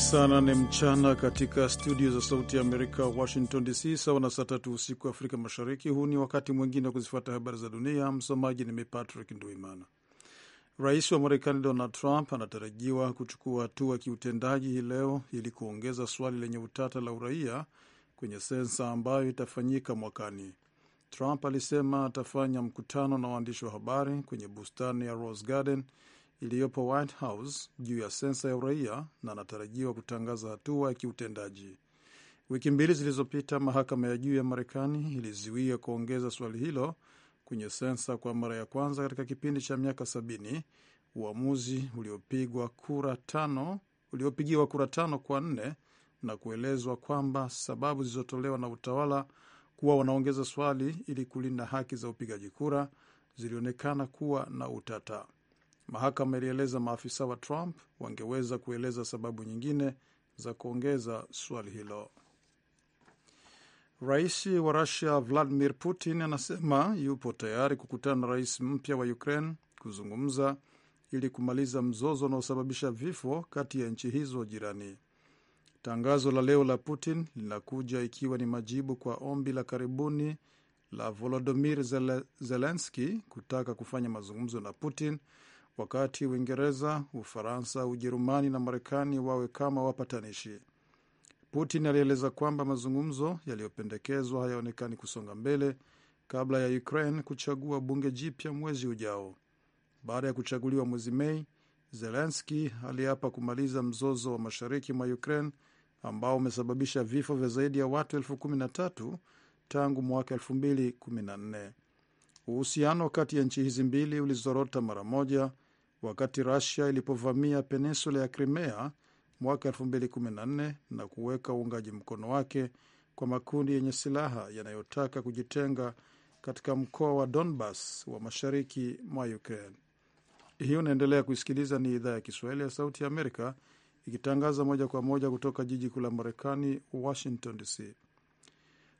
saa nane mchana katika studio za Sauti ya Amerika, Washington DC, sawa na saa tatu usiku wa Afrika Mashariki. Huu ni wakati mwingine wa kuzifuata habari za dunia. Msomaji ni mimi Patrick Nduimana. Rais wa Marekani Donald Trump anatarajiwa kuchukua hatua kiutendaji hii leo ili kuongeza swali lenye utata la uraia kwenye sensa ambayo itafanyika mwakani. Trump alisema atafanya mkutano na waandishi wa habari kwenye bustani ya Rose Garden iliyopo White House juu ya sensa ya uraia na anatarajiwa kutangaza hatua ya kiutendaji. Wiki mbili zilizopita, mahakama ya juu ya Marekani ilizuia kuongeza swali hilo kwenye sensa kwa mara ya kwanza katika kipindi cha miaka sabini, uamuzi uliopigwa kura tano uliopigiwa kura tano kwa nne na kuelezwa kwamba sababu zilizotolewa na utawala kuwa wanaongeza swali ili kulinda haki za upigaji kura zilionekana kuwa na utata. Mahakama ilieleza maafisa wa Trump wangeweza kueleza sababu nyingine za kuongeza swali hilo. Rais wa Rusia Vladimir Putin anasema yupo tayari kukutana na rais mpya wa Ukraine kuzungumza ili kumaliza mzozo unaosababisha vifo kati ya nchi hizo jirani. Tangazo la leo la Putin linakuja ikiwa ni majibu kwa ombi la karibuni la Volodymyr Zelensky kutaka kufanya mazungumzo na Putin wakati Uingereza, Ufaransa, Ujerumani na Marekani wawe kama wapatanishi. Putin alieleza kwamba mazungumzo yaliyopendekezwa hayaonekani kusonga mbele kabla ya Ukraine kuchagua bunge jipya mwezi ujao. Baada ya kuchaguliwa mwezi Mei, Zelenski aliapa kumaliza mzozo wa mashariki mwa Ukraine ambao umesababisha vifo vya zaidi ya watu elfu kumi na tatu tangu mwaka elfu mbili kumi na nne. Uhusiano kati ya nchi hizi mbili ulizorota mara moja wakati rasia ilipovamia peninsula ya Crimea mwaka 2014 na kuweka uungaji mkono wake kwa makundi yenye silaha yanayotaka kujitenga katika mkoa wa Donbas wa mashariki mwa Ukraine. Hii unaendelea kuisikiliza, ni idhaa ya Kiswahili ya Sauti ya Amerika ikitangaza moja kwa moja kutoka jiji kuu la Marekani, Washington DC.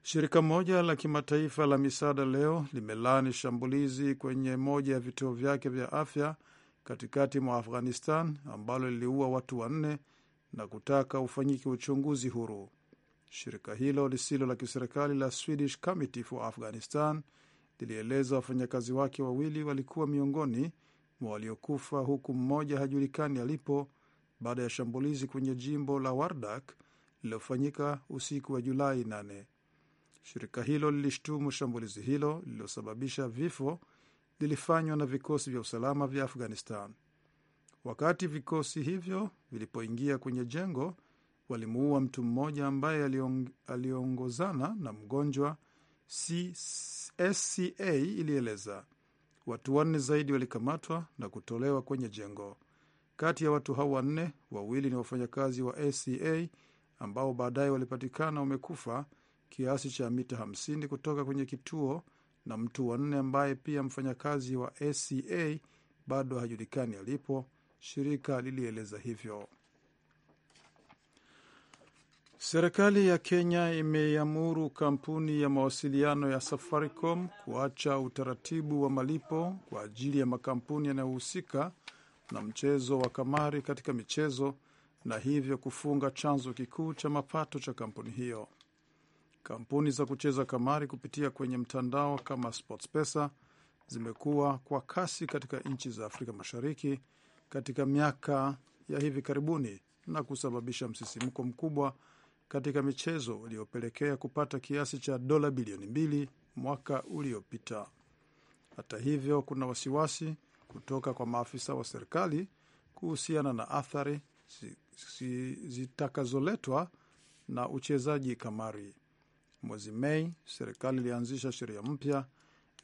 Shirika moja la kimataifa la misaada leo limelaani shambulizi kwenye moja ya vituo vyake vya afya katikati mwa Afghanistan ambalo liliua watu wanne na kutaka ufanyike uchunguzi huru. Shirika hilo lisilo la kiserikali la Swedish Committee for Afghanistan lilieleza wafanyakazi wake wawili walikuwa miongoni mwa waliokufa huku mmoja hajulikani alipo baada ya shambulizi kwenye jimbo la Wardak lililofanyika usiku wa Julai 8. Shirika hilo lilishtumu shambulizi hilo lililosababisha vifo lilifanywa na vikosi vya usalama vya Afghanistan. Wakati vikosi hivyo vilipoingia kwenye jengo, walimuua mtu mmoja ambaye aliongozana na mgonjwa, SCA ilieleza. Watu wanne zaidi walikamatwa na kutolewa kwenye jengo. Kati ya watu hao wanne, wawili ni wafanyakazi wa SCA ambao baadaye walipatikana wamekufa kiasi cha mita 50 kutoka kwenye kituo na mtu wa nne ambaye pia mfanyakazi wa aca e bado hajulikani alipo, shirika lilieleza hivyo. Serikali ya Kenya imeiamuru kampuni ya mawasiliano ya Safaricom kuacha utaratibu wa malipo kwa ajili ya makampuni yanayohusika na mchezo wa kamari katika michezo na hivyo kufunga chanzo kikuu cha mapato cha kampuni hiyo. Kampuni za kucheza kamari kupitia kwenye mtandao kama SportPesa zimekuwa kwa kasi katika nchi za Afrika Mashariki katika miaka ya hivi karibuni na kusababisha msisimko mkubwa katika michezo uliopelekea kupata kiasi cha dola bilioni mbili mwaka uliopita. Hata hivyo, kuna wasiwasi kutoka kwa maafisa wa serikali kuhusiana na athari zitakazoletwa na uchezaji kamari. Mwezi Mei, serikali ilianzisha sheria mpya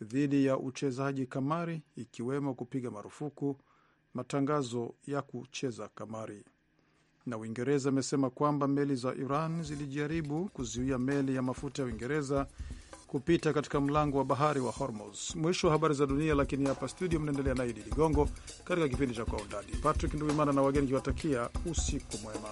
dhidi ya uchezaji kamari, ikiwemo kupiga marufuku matangazo ya kucheza kamari. Na Uingereza imesema kwamba meli za Iran zilijaribu kuzuia meli ya mafuta ya Uingereza kupita katika mlango wa bahari wa Hormuz. Mwisho wa habari za dunia, lakini hapa studio mnaendelea na Idi Ligongo katika kipindi cha Kwa Undani. Patrick Nduimana na wageni kiwatakia usiku mwema.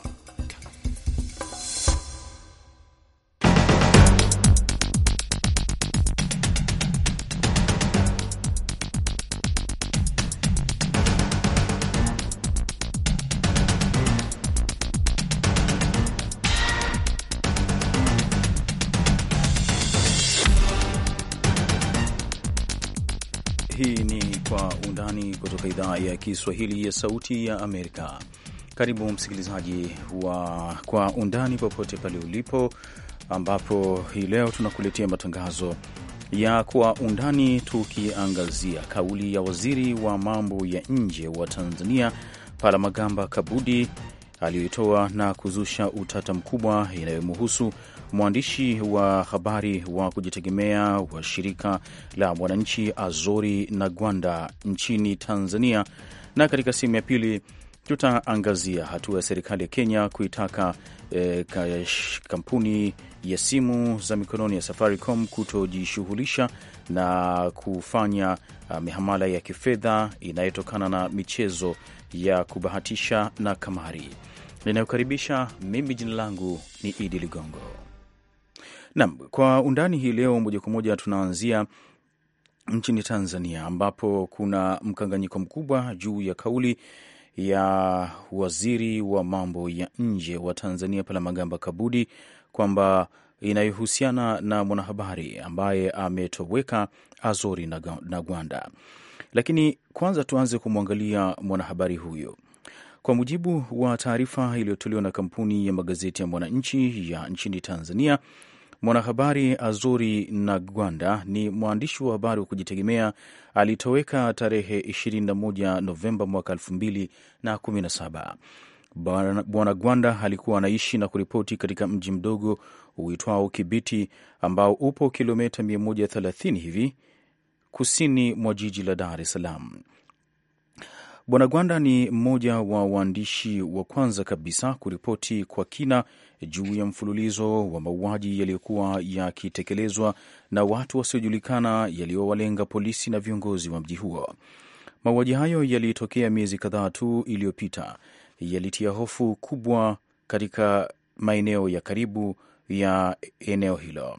kutoka idhaa ya Kiswahili ya Sauti ya Amerika. Karibu msikilizaji wa Kwa Undani popote pale ulipo, ambapo hii leo tunakuletea matangazo ya Kwa Undani tukiangazia kauli ya waziri wa mambo ya nje wa Tanzania Palamagamba Kabudi aliyoitoa na kuzusha utata mkubwa inayomhusu mwandishi wa habari wa kujitegemea wa shirika la Mwananchi Azori na gwanda nchini Tanzania. Na katika sehemu ya pili tutaangazia hatua ya serikali ya Kenya kuitaka eh, kampuni ya simu za mikononi ya Safaricom kutojishughulisha na kufanya uh, mihamala ya kifedha inayotokana na michezo ya kubahatisha na kamari ninayokaribisha mimi, jina langu ni Idi Ligongo. nam kwa undani hii leo, moja kwa moja tunaanzia nchini Tanzania ambapo kuna mkanganyiko mkubwa juu ya kauli ya waziri wa mambo ya nje wa Tanzania Palamagamba Kabudi kwamba inayohusiana na mwanahabari ambaye ametoweka Azori na Gwanda. Lakini kwanza tuanze kumwangalia mwanahabari huyo. Kwa mujibu wa taarifa iliyotolewa na kampuni ya magazeti ya Mwananchi ya nchini Tanzania, mwanahabari Azori Nagwanda ni mwandishi wa habari wa kujitegemea alitoweka tarehe 21 Novemba mwaka 2017. Bwana Gwanda alikuwa anaishi na kuripoti katika mji mdogo uitwao Kibiti ambao upo kilomita 130 hivi kusini mwa jiji la Dar es Salaam. Bwana Gwanda ni mmoja wa waandishi wa kwanza kabisa kuripoti kwa kina juu ya mfululizo wa mauaji yaliyokuwa yakitekelezwa na watu wasiojulikana yaliyowalenga polisi na viongozi wa mji huo. Mauaji hayo yalitokea miezi kadhaa tu iliyopita, yalitia hofu kubwa katika maeneo ya karibu ya eneo hilo.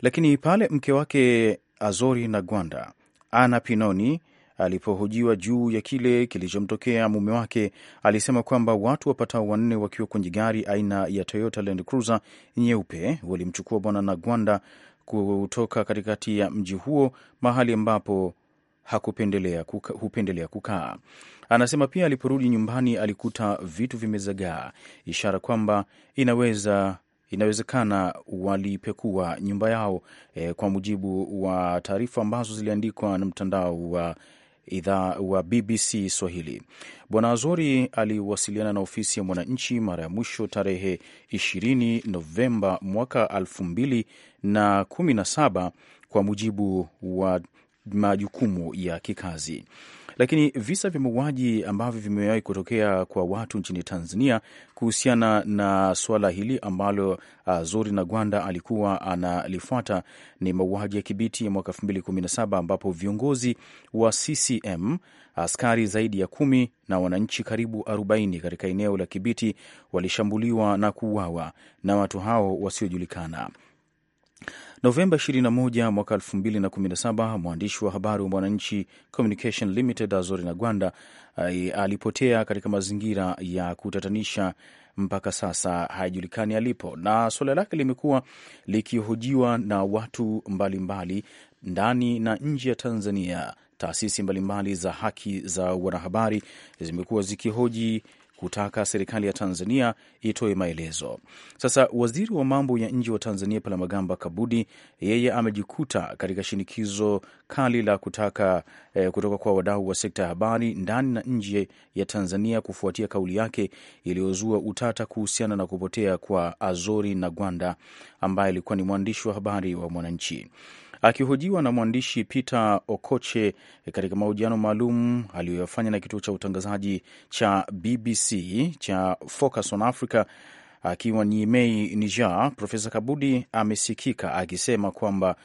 Lakini pale mke wake Azori na Gwanda, Ana Pinoni, Alipohojiwa juu ya kile kilichomtokea mume wake, alisema kwamba watu wapatao wanne wakiwa kwenye gari aina ya Toyota Land Cruiser nyeupe walimchukua Bwana Nagwanda kutoka katikati ya mji huo, mahali ambapo hakupendelea kuka, hupendelea kukaa. Anasema pia aliporudi nyumbani alikuta vitu vimezagaa, ishara kwamba inaweza inawezekana walipekua nyumba yao, eh, kwa mujibu wa taarifa ambazo ziliandikwa na mtandao wa idhaa wa BBC Swahili. Bwana Azori aliwasiliana na ofisi ya Mwananchi mara ya mwisho tarehe 20 Novemba mwaka 2017 kwa mujibu wa majukumu ya kikazi. Lakini visa vya mauaji ambavyo vimewahi kutokea kwa watu nchini Tanzania kuhusiana na suala hili ambalo uh, Zori na Gwanda alikuwa analifuata ni mauaji ya Kibiti ya mwaka 2017 ambapo viongozi wa CCM askari zaidi ya kumi na wananchi karibu 40 katika eneo la Kibiti walishambuliwa na kuuawa na watu hao wasiojulikana. Novemba 21 mwaka 2017, mwandishi wa habari wa Mwananchi Communication Limited Azori Gwanda alipotea katika mazingira ya kutatanisha. Mpaka sasa haijulikani alipo, na suala lake limekuwa likihojiwa na watu mbalimbali mbali, ndani na nje ya Tanzania. Taasisi mbalimbali mbali za haki za wanahabari zimekuwa zikihoji kutaka serikali ya Tanzania itoe maelezo. Sasa waziri wa mambo ya nje wa Tanzania Palamagamba Kabudi, yeye amejikuta katika shinikizo kali la kutaka eh, kutoka kwa wadau wa sekta ya habari ndani na nje ya Tanzania kufuatia kauli yake iliyozua utata kuhusiana na kupotea kwa Azori na Gwanda ambaye alikuwa ni mwandishi wa habari wa Mwananchi. Akihojiwa na mwandishi Peter Okoche katika mahojiano maalum aliyoyafanya na kituo cha utangazaji cha BBC cha Focus on Africa akiwa ni Mei Niger, Profesa Kabudi amesikika akisema kwamba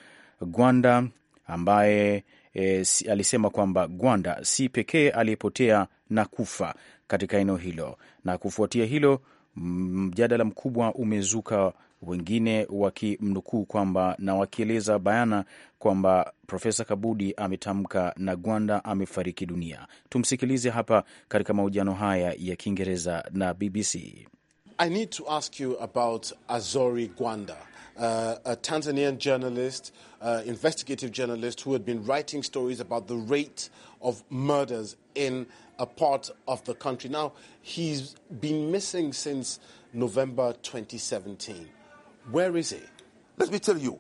Gwanda ambaye e, si, alisema kwamba Gwanda si pekee aliyepotea na kufa katika eneo hilo, na kufuatia hilo Mjadala mkubwa umezuka, wengine wakimnukuu kwamba na wakieleza bayana kwamba Profesa Kabudi ametamka na Gwanda amefariki dunia. Tumsikilize hapa katika mahojiano haya ya Kiingereza na BBC. I need to ask you about Azori Gwanda. uh, a Tanzanian journalist, uh, investigative journalist, who had been writing stories about the rate of murders in a part of the country. Now, he's been missing since November 2017. Where is he? Let me tell you,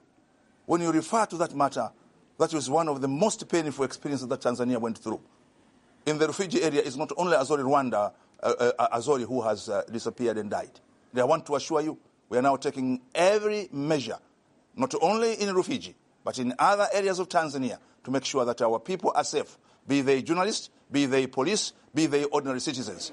when you refer to that matter, that was one of the most painful experiences that Tanzania went through. In the refugee area, it's not only Azori Rwanda, uh, uh Azori who has uh, disappeared and died. I want to assure you, we are now taking every measure, not only in Rufiji, but in other areas of Tanzania, to make sure that our people are safe, be they journalists, be they police, be they ordinary citizens.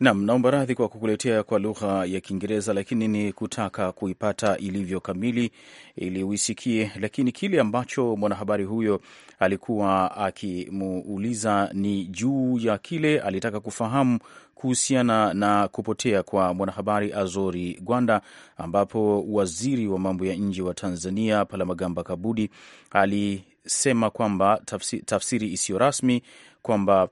Nam, naomba radhi kwa kukuletea kwa lugha ya Kiingereza, lakini ni kutaka kuipata ilivyo kamili ili uisikie. Lakini kile ambacho mwanahabari huyo alikuwa akimuuliza ni juu ya kile alitaka kufahamu kuhusiana na kupotea kwa mwanahabari Azori Gwanda, ambapo waziri wa mambo ya nje wa Tanzania Palamagamba Kabudi alisema kwamba tafsiri isiyo rasmi kwamba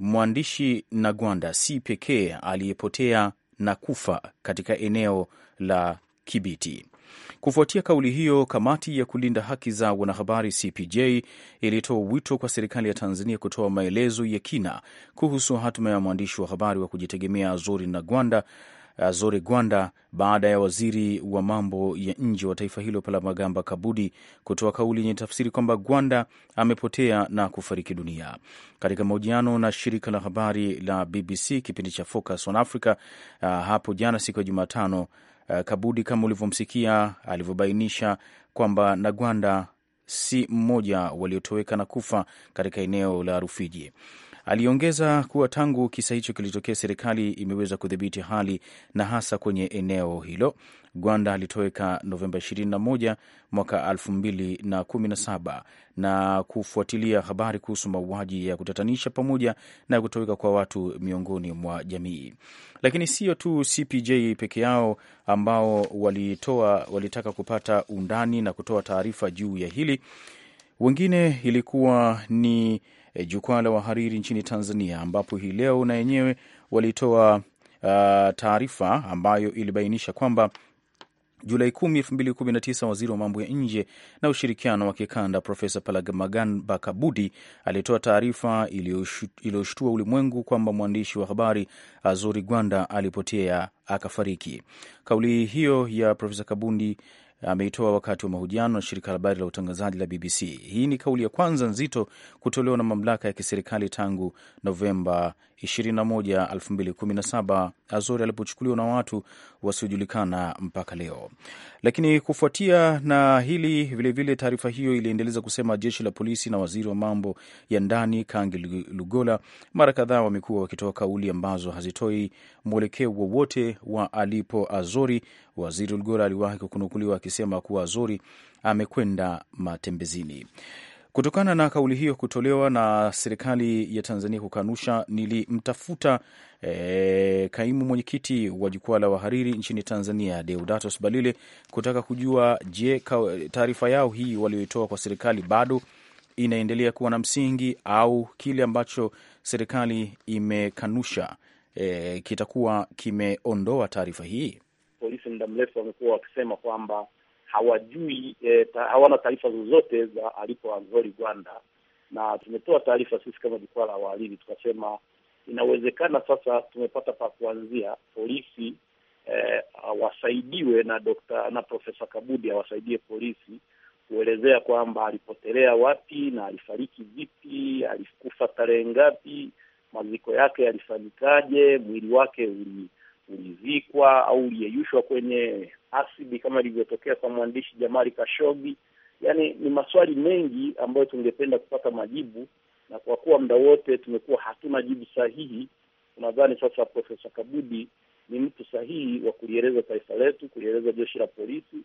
mwandishi Nagwanda si pekee aliyepotea na kufa katika eneo la Kibiti. Kufuatia kauli hiyo, kamati ya kulinda haki za wanahabari CPJ ilitoa wito kwa serikali ya Tanzania kutoa maelezo ya kina kuhusu hatima ya mwandishi wa habari wa kujitegemea Zuri Nagwanda Azore uh, Gwanda baada ya waziri wa mambo ya nje wa taifa hilo Palamagamba Kabudi kutoa kauli yenye tafsiri kwamba Gwanda amepotea na kufariki dunia. Katika mahojiano na shirika la habari la BBC kipindi cha Focus on Africa uh, hapo jana siku ya Jumatano, uh, Kabudi kama ulivyomsikia alivyobainisha kwamba na Gwanda si mmoja waliotoweka na kufa katika eneo la Rufiji. Aliongeza kuwa tangu kisa hicho kilitokea, serikali imeweza kudhibiti hali na hasa kwenye eneo hilo. Gwanda alitoweka Novemba 21 mwaka 2017 na kufuatilia habari kuhusu mauaji ya kutatanisha pamoja na kutoweka kwa watu miongoni mwa jamii. Lakini sio tu CPJ peke yao ambao walitoa, walitaka kupata undani na kutoa taarifa juu ya hili, wengine ilikuwa ni e, jukwaa la wahariri nchini Tanzania, ambapo hii leo na yenyewe walitoa uh, taarifa ambayo ilibainisha kwamba Julai 10, 2019 waziri wa mambo ya nje na ushirikiano wa kikanda Profesa Palamagamba Kabudi alitoa taarifa iliyoshtua ulimwengu kwamba mwandishi wa habari Azori Gwanda alipotea akafariki. Kauli hiyo ya Profesa Kabundi ameitoa wakati wa mahojiano na shirika la habari la utangazaji la BBC. Hii ni kauli ya kwanza nzito kutolewa na mamlaka ya kiserikali tangu Novemba 21, 2017 Azori alipochukuliwa na watu wasiojulikana mpaka leo. Lakini kufuatia na hili vilevile, taarifa hiyo iliendeleza kusema jeshi la polisi na waziri wa mambo ya ndani Kangi Lugola mara kadhaa wamekuwa wakitoa kauli ambazo hazitoi mwelekeo wowote wa alipo Azori Waziri Ulgora aliwahi kunukuliwa akisema kuwa Zuri amekwenda matembezini. Kutokana na kauli hiyo kutolewa na serikali ya Tanzania kukanusha, nilimtafuta e, kaimu mwenyekiti wa jukwaa la wahariri nchini Tanzania Deodatus Balile kutaka kujua je, taarifa yao hii walioitoa kwa serikali bado inaendelea kuwa na msingi au kile ambacho serikali imekanusha e, kitakuwa kimeondoa taarifa hii polisi muda mrefu wamekuwa wakisema kwamba hawajui e, ta, hawana taarifa zozote za alipo Anzori Gwanda, na tumetoa taarifa sisi kama jukwaa la wahariri tukasema inawezekana sasa tumepata pa kuanzia polisi e, eh, wasaidiwe na dokta, na Profesa Kabudi awasaidie polisi kuelezea kwamba alipotelea wapi na alifariki vipi, alikufa tarehe ngapi, maziko yake yalifanyikaje, mwili wake ulizikwa au uliyeyushwa kwenye asidi kama ilivyotokea kwa mwandishi Jamali Kashogi. yani ni maswali mengi ambayo tungependa kupata majibu, na kwa kuwa muda wote tumekuwa hatuna jibu sahihi, tunadhani sasa Profesa Kabudi ni mtu sahihi wa kulieleza taifa letu, kulieleza jeshi la polisi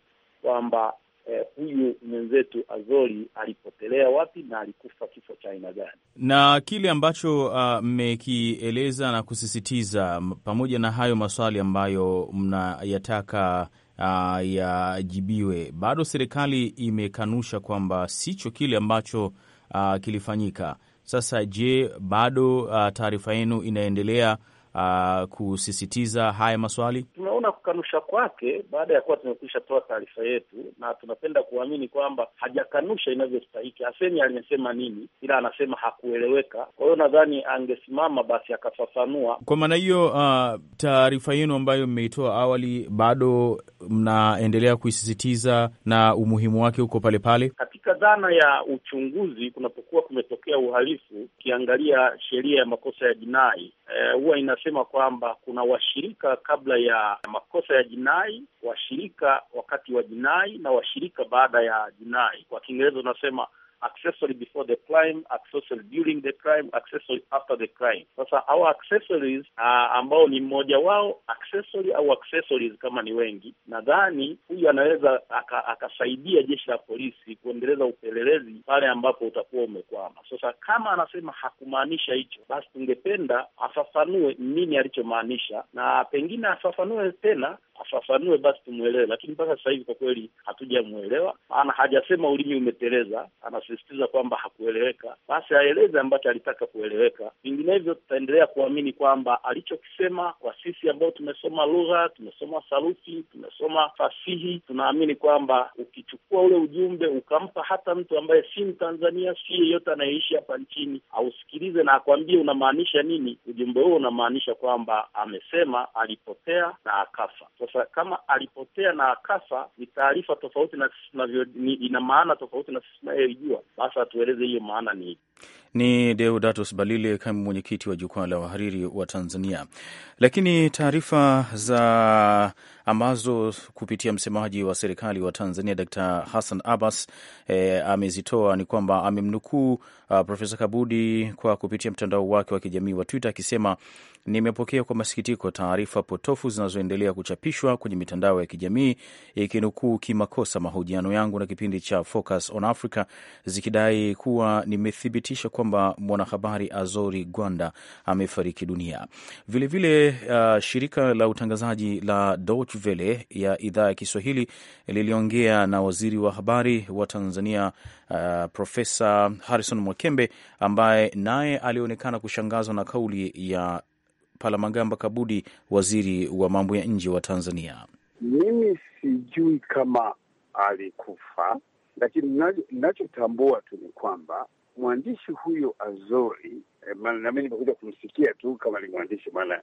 kwamba eh, huyu mwenzetu Azori alipotelea wapi na alikufa kifo cha aina gani, na kile ambacho uh, mmekieleza uh, na kusisitiza pamoja na hayo maswali ambayo mnayataka uh, yajibiwe, bado serikali imekanusha kwamba sicho kile ambacho uh, kilifanyika. Sasa je, bado uh, taarifa yenu inaendelea uh, kusisitiza haya maswali? Tumeona kukanusha kwake baada ya kuwa tumekwisha toa taarifa yetu, na tunapenda kuamini kwamba hajakanusha inavyostahiki. aseni alimesema nini, ila anasema hakueleweka. Kwa hiyo nadhani angesimama basi akafafanua. Kwa maana hiyo, uh, taarifa yenu ambayo mmeitoa awali bado mnaendelea kuisisitiza na umuhimu wake huko pale pale katika dhana ya uchunguzi. Kunapokuwa kumetokea uhalifu, ukiangalia sheria ya makosa ya jinai eh, huwa eh, anasema kwamba kuna washirika kabla ya makosa ya jinai, washirika wakati wa jinai na washirika baada ya jinai. Kwa Kiingereza unasema accessory before the crime, accessory during the crime, accessory after the crime. Sasa our accessories uh, ambao ni mmoja wao accessory au accessories kama ni wengi, nadhani huyu anaweza akasaidia aka jeshi la polisi kuendeleza upelelezi pale ambapo utakuwa umekwama. Sasa kama anasema hakumaanisha hicho, basi tungependa afafanue nini alichomaanisha, na pengine afafanue tena afafanue basi tumwelewe, lakini mpaka sasa hivi kwa kweli hatujamwelewa. Maana hajasema ulimi umeteleza, anasema kusisitiza kwamba hakueleweka, basi aeleze ambacho alitaka kueleweka. Vinginevyo tutaendelea kuamini kwamba alichokisema, kwa sisi ambao tumesoma lugha, tumesoma sarufi, tumesoma fasihi, tunaamini kwamba ukichukua ule ujumbe ukampa hata mtu ambaye si Mtanzania, si yeyote anayeishi hapa nchini, ausikilize na akwambie unamaanisha nini, ujumbe huo unamaanisha kwamba amesema alipotea na akafa. Sasa kama alipotea na akafa ni taarifa tofauti na sisi tunavyo, ina maana tofauti na sisi tunayoijua sasa tueleze hiyo maana ni ni Deodatus Balile, kaimu mwenyekiti wa jukwaa la wahariri wa Tanzania. Lakini taarifa za ambazo kupitia msemaji wa serikali wa Tanzania d Hassan Abbas e, amezitoa ni kwamba amemnukuu uh, Profesa Kabudi kwa kupitia mtandao wake wa kijamii wa Twitter akisema nimepokea kwa masikitiko taarifa potofu zinazoendelea kuchapishwa kwenye mitandao ya kijamii ikinukuu kimakosa mahojiano yangu na kipindi cha Focus on Africa zikidai kuwa nimethibitisha kwa kwamba mwanahabari Azori Gwanda amefariki dunia. Vilevile vile, uh, shirika la utangazaji la Deutsche Welle ya idhaa ya Kiswahili liliongea na waziri wa habari wa Tanzania uh, Profesa Harrison Mwakembe ambaye naye alionekana kushangazwa na kauli ya Palamagamba Kabudi, waziri wa mambo ya nje wa Tanzania. Mimi sijui kama alikufa, lakini nachotambua tu ni kwamba mwandishi huyo Azori eh, nami nimekuja kumsikia tu kama ni mwandishi, maana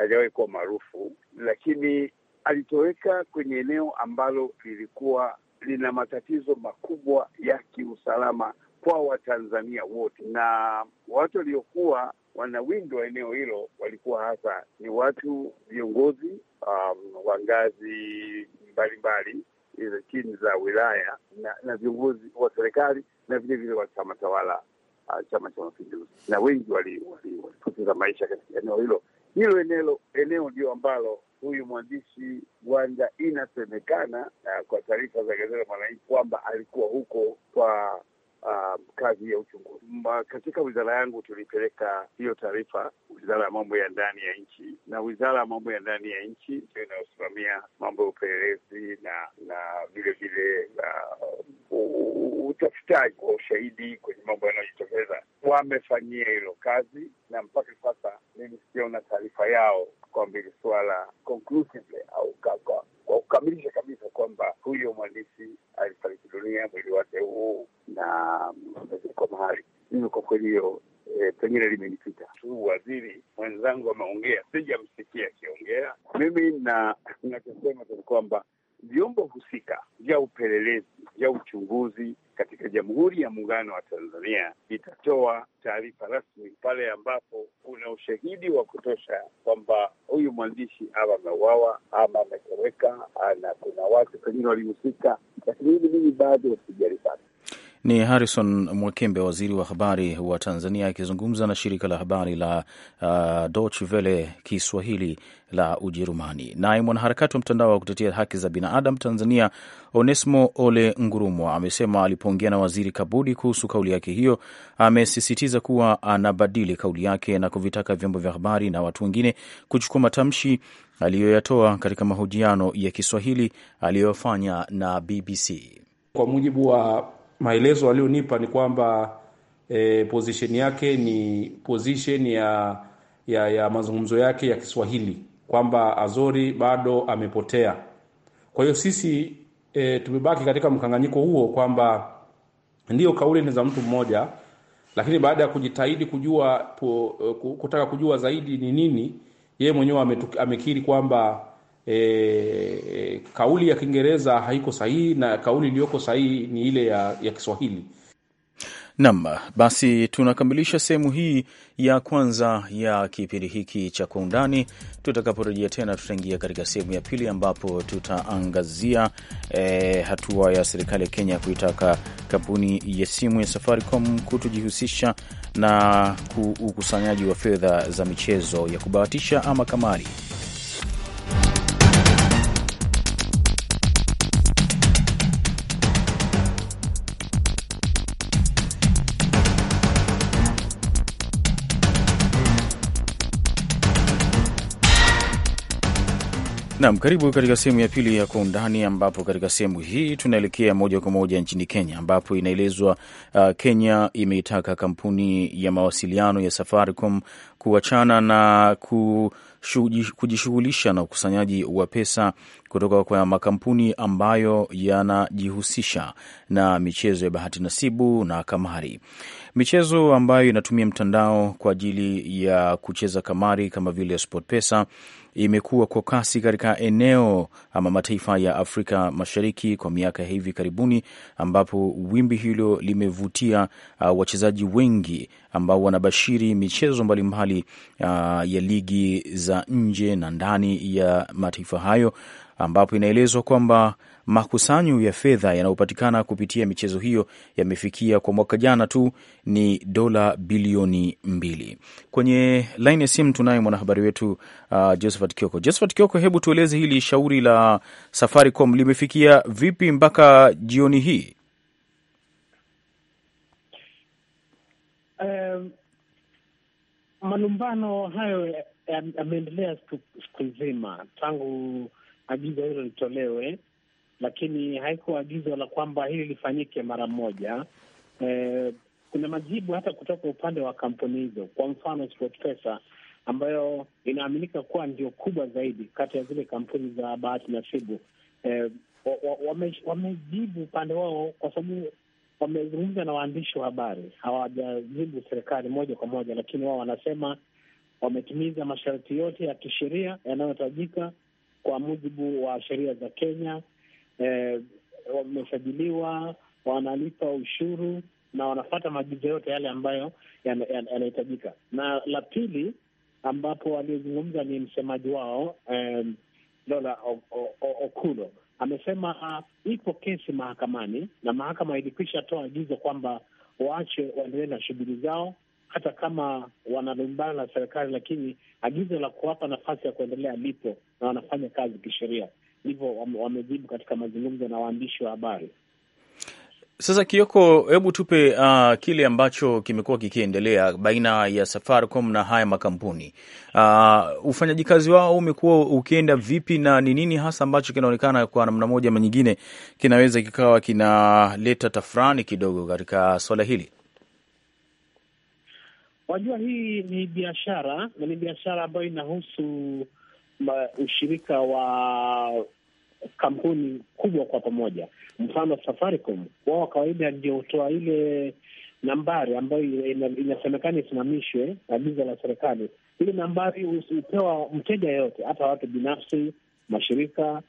hajawahi kuwa maarufu, lakini alitoweka kwenye eneo ambalo lilikuwa lina matatizo makubwa ya kiusalama kwa Watanzania wote, na watu waliokuwa wanawindwa eneo hilo walikuwa hasa ni watu viongozi um, wa ngazi mbalimbali Eh, chini za wilaya na, na viongozi wa serikali na vile vile wa chama tawala uh, Chama cha Mapinduzi, na wengi walipoteza maisha katika eneo hilo. Hilo eneo eneo ndio ambalo huyu mwandishi Gwanda inasemekana uh, kwa taarifa za gazeti la Mwananchi kwamba alikuwa huko kwa uh, kazi ya uchunguzi. Katika wizara yangu tulipeleka hiyo taarifa wizara ya mambo ya ndani ya nchi, na wizara ya mambo ya ndani ya nchi ndio inayosimamia mambo ya upelelezi na na vile vile uh, utafutaji wa ushahidi kwenye mambo yanayojitokeza. Wamefanyia hilo kazi, na mpaka sasa mimi sijaona taarifa yao kwamba ili suala conclusively au kwa kukamilisha kabisa kwamba huyo mwandishi alifariki dunia mwili wake huu na mabadiliko mahali. Mimi kwa kweli hiyo e, pengine limenipita tu. Waziri mwenzangu ameongea, sijamsikia akiongea. Mimi na nachosema tu kwamba vyombo husika vya upelelezi vya uchunguzi katika Jamhuri ya Muungano wa Tanzania vitatoa taarifa rasmi pale ambapo kuna ushahidi wa kutosha kwamba huyu mwandishi ama ameuawa ama ametoweka na kuna watu pengine walihusika, lakini hili mimi bado sijalipata. Ni Harrison Mwakembe, waziri wa habari wa Tanzania, akizungumza na shirika la habari la uh, Deutsche Welle Kiswahili la Ujerumani. Naye mwanaharakati wa mtandao wa kutetea haki za binadamu Tanzania, Onesmo Ole Ngurumwa, amesema alipoongea na waziri Kabudi kuhusu kauli yake hiyo, amesisitiza kuwa anabadili kauli yake na kuvitaka vyombo vya habari na watu wengine kuchukua matamshi aliyoyatoa katika mahojiano ya Kiswahili aliyofanya na BBC. Kwa mujibu wa maelezo walionipa ni kwamba e, position yake ni position ya ya, ya mazungumzo yake ya Kiswahili kwamba Azori bado amepotea. Kwa hiyo sisi e, tumebaki katika mkanganyiko huo kwamba ndio kauli ni za mtu mmoja, lakini baada ya kujitahidi kujua po, eh, kutaka kujua zaidi ni nini, yeye mwenyewe amekiri kwamba e, kauli ya Kiingereza haiko sahihi na kauli iliyoko sahihi ni ile ya, ya Kiswahili. nam basi tunakamilisha sehemu hii ya kwanza ya kipindi hiki cha Kwa Undani. Tutakaporejea tena, tutaingia katika sehemu ya pili ambapo tutaangazia e, hatua ya serikali ya Kenya kuitaka kampuni ya simu ya Safaricom kutojihusisha na ukusanyaji wa fedha za michezo ya kubahatisha ama kamari. Nam, karibu katika sehemu ya pili ya Kwa Undani, ambapo katika sehemu hii tunaelekea moja kwa moja nchini Kenya, ambapo inaelezwa uh, Kenya imeitaka kampuni ya mawasiliano ya Safaricom kuachana na kujishughulisha na ukusanyaji wa pesa kutoka kwa makampuni ambayo yanajihusisha na michezo ya bahati nasibu na kamari. Michezo ambayo inatumia mtandao kwa ajili ya kucheza kamari kama vile SportPesa imekuwa kwa kasi katika eneo ama mataifa ya Afrika Mashariki kwa miaka ya hivi karibuni, ambapo wimbi hilo limevutia uh, wachezaji wengi ambao wanabashiri michezo mbalimbali uh, ya ligi za nje na ndani ya mataifa hayo ambapo inaelezwa kwamba makusanyo ya fedha yanayopatikana kupitia michezo hiyo yamefikia kwa mwaka jana tu ni dola bilioni mbili. Kwenye laini ya simu tunaye mwanahabari wetu uh, Josephat Kioko. Josephat Kioko, hebu tueleze hili shauri la Safaricom limefikia vipi mpaka jioni hii? Um, malumbano hayo yameendelea siku nzima tangu agizo hilo litolewe, lakini haikuwa agizo la kwamba hili lifanyike mara moja. E, kuna majibu hata kutoka upande wa kampuni hizo, kwa mfano SportPesa ambayo inaaminika kuwa ndio kubwa zaidi kati ya zile kampuni za bahati nasibu e, wamejibu wame upande wao kwa sababu wamezungumza na waandishi wa habari. Hawajajibu serikali moja kwa moja, lakini wao wanasema wametimiza masharti yote ya kisheria yanayotajika kwa mujibu wa sheria za Kenya eh, wamesajiliwa, wanalipa ushuru na wanafata maagizo yote yale ambayo yanahitajika. Na la pili ambapo aliyezungumza ni msemaji wao eh, Lola Okulo amesema ah, ipo kesi mahakamani na mahakama ilikwisha toa agizo kwamba waache waendelee na shughuli zao hata kama wanalumbana na serikali, lakini agizo la kuwapa nafasi ya kuendelea lipo na wanafanya kazi kisheria. Ndivyo wamejibu katika mazungumzo na waandishi wa habari. Sasa Kioko, hebu tupe uh, kile ambacho kimekuwa kikiendelea baina ya Safaricom na haya makampuni uh, ufanyaji kazi wao umekuwa ukienda vipi, na ni nini hasa ambacho kinaonekana kwa namna moja ama nyingine kinaweza kikawa kinaleta tafurani kidogo katika swala hili? Wajua, hii ni biashara na ni biashara ambayo inahusu ushirika wa kampuni kubwa kwa pamoja. Mfano, Safaricom wao kawaida ndio hutoa ile nambari ambayo inasemekana isimamishwe na giza la serikali. Ile nambari hupewa mteja yeyote, hata watu binafsi, mashirika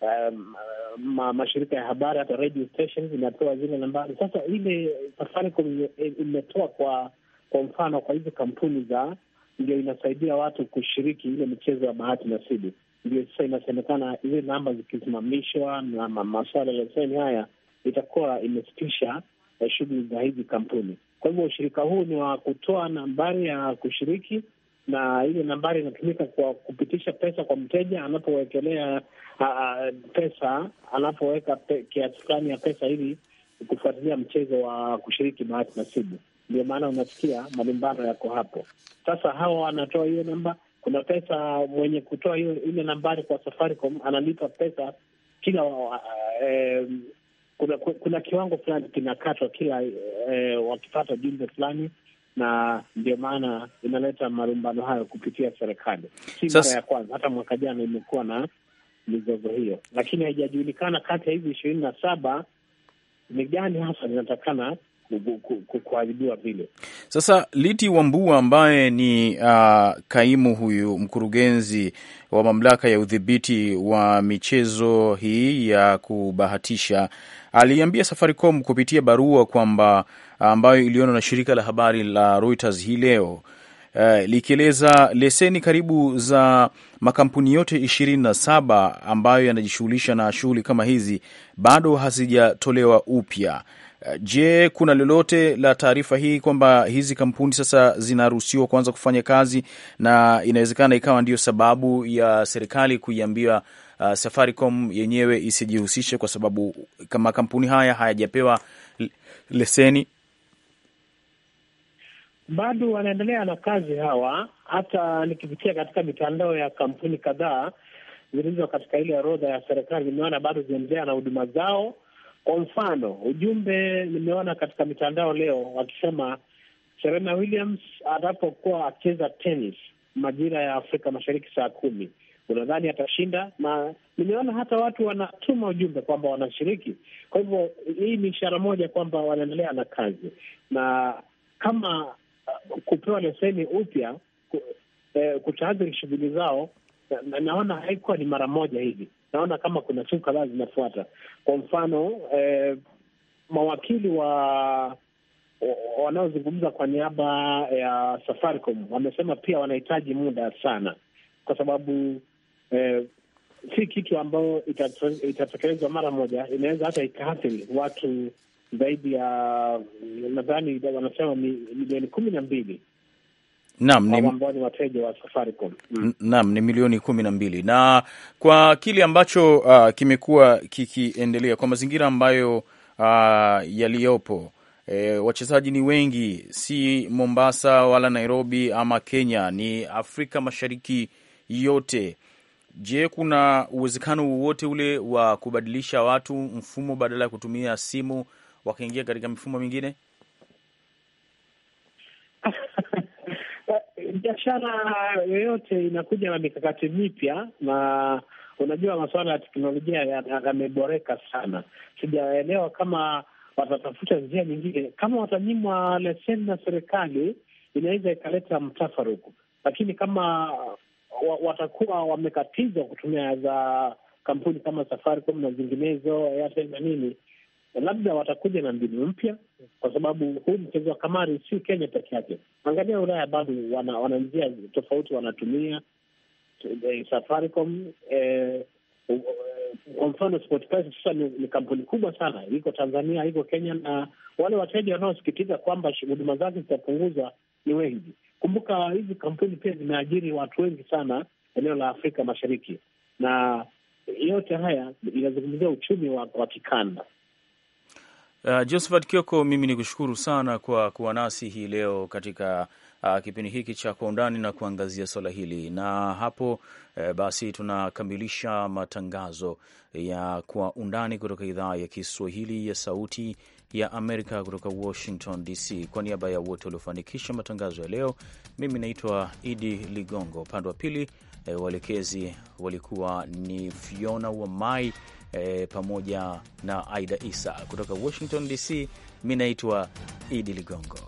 um, ma, mashirika ya habari, hata radio stations inapewa zile nambari. Sasa ile Safaricom imetoa kwa kwa mfano, kwa hizi kampuni za ndio inasaidia watu kushiriki ile michezo ya bahati nasibu, ndio sasa inasemekana hizi namba zikisimamishwa na maswala ya leseni haya itakuwa imesitisha eh, shughuli za hizi kampuni. Kwa hivyo ushirika huu ni wa kutoa nambari ya kushiriki na ile nambari inatumika kwa kupitisha pesa kwa mteja anapowekelea pesa, anapoweka kiasi fulani ya pesa ili kufuatilia mchezo wa kushiriki bahati nasibu. Ndio maana unasikia malumbano yako hapo. Sasa hawa wanatoa hiyo namba, kuna pesa mwenye kutoa hiyo ile nambari kwa Safaricom analipa pesa kila uh, eh, kuna, kuna kiwango fulani kinakatwa kila eh, wakipata jumbe fulani na ndio maana inaleta malumbano hayo kupitia serikali. Si mara ya kwanza, hata mwaka jana imekuwa na mizozo hiyo, lakini haijajulikana kati ya hizi ishirini na saba ni gani hasa linatakana kuadhibiwa vile. Sasa Liti Wambua ambaye ni uh, kaimu huyu mkurugenzi wa mamlaka ya udhibiti wa michezo hii ya kubahatisha aliambia Safaricom kupitia barua kwamba uh, ambayo iliona na shirika la habari la Reuters hii leo Uh, likieleza leseni karibu za makampuni yote ishirini na saba ambayo yanajishughulisha na shughuli kama hizi bado hazijatolewa upya. Je, kuna lolote la taarifa hii kwamba hizi kampuni sasa zinaruhusiwa kuanza kufanya kazi, na inawezekana ikawa ndiyo sababu ya serikali kuiambia uh, Safaricom yenyewe isijihusishe, kwa sababu kama kampuni haya hayajapewa leseni bado wanaendelea na kazi hawa. Hata nikipitia katika mitandao ya kampuni kadhaa zilizo katika ile orodha ya serikali, nimeona bado zinaendelea na huduma zao kwa mfano ujumbe nimeona katika mitandao leo wakisema Serena Williams atakapokuwa acheza tenis majira ya Afrika Mashariki saa kumi, unadhani atashinda? Na nimeona hata watu wanatuma ujumbe kwamba wanashiriki. Kwa hivyo hii ni ishara moja kwamba wanaendelea na kazi, na kama uh, kupewa leseni upya eh, kutaadhiri shughuli zao, naona haikuwa ni mara moja hivi naona kama kuna tu kadhaa zinafuata. Kwa mfano eh, mawakili wa wanaozungumza kwa niaba ya Safaricom wamesema pia wanahitaji muda sana, kwa sababu eh, si kitu ambayo itatekelezwa mara moja. Inaweza hata ikaathiri watu zaidi ya nadhani wanasema milioni kumi na mbili Naam ni, wateja wa Safaricom. Mm. Naam ni milioni kumi na mbili na kwa kile ambacho uh, kimekuwa kikiendelea kwa mazingira ambayo uh, yaliyopo E, wachezaji ni wengi, si Mombasa wala Nairobi ama Kenya, ni Afrika Mashariki yote. Je, kuna uwezekano wowote ule wa kubadilisha watu mfumo, badala ya kutumia simu wakaingia katika mifumo mingine? biashara yoyote inakuja na mikakati mipya, na unajua masuala ya teknolojia yameboreka sana. Sijaelewa kama watatafuta njia nyingine, kama watanyimwa leseni na serikali inaweza ikaleta mtafaruku, lakini kama watakuwa wamekatizwa kutumia za kampuni kama Safaricom na zinginezo, Airtel na nini, labda watakuja na mbinu mpya, kwa sababu huu mchezo wa kamari si Kenya peke yake. Angalia Ulaya bado wana, wana njia tofauti wanatumia eh, Safaricom eh, kwa mfano SportPesa sasa ni, ni kampuni kubwa sana, iko Tanzania, iko Kenya, na wale wateja wanaosikitika kwamba huduma zake zitapunguzwa ni wengi. Kumbuka hizi kampuni pia zimeajiri watu wengi sana eneo la Afrika Mashariki, na yote haya inazungumzia uchumi wa, wa kikanda. Uh, Josephat Kioko, mimi ni kushukuru sana kwa kuwa nasi hii leo katika uh, kipindi hiki cha Kwa Undani na kuangazia swala hili, na hapo uh, basi tunakamilisha matangazo ya Kwa Undani kutoka idhaa ya Kiswahili ya Sauti ya Amerika kutoka Washington DC. Kwa niaba ya wote waliofanikisha matangazo ya leo, mimi naitwa Idi Ligongo, upande wa pili eh, waelekezi walikuwa ni Fiona Wamai eh, pamoja na Aida Isa kutoka Washington DC. Mi naitwa Idi Ligongo.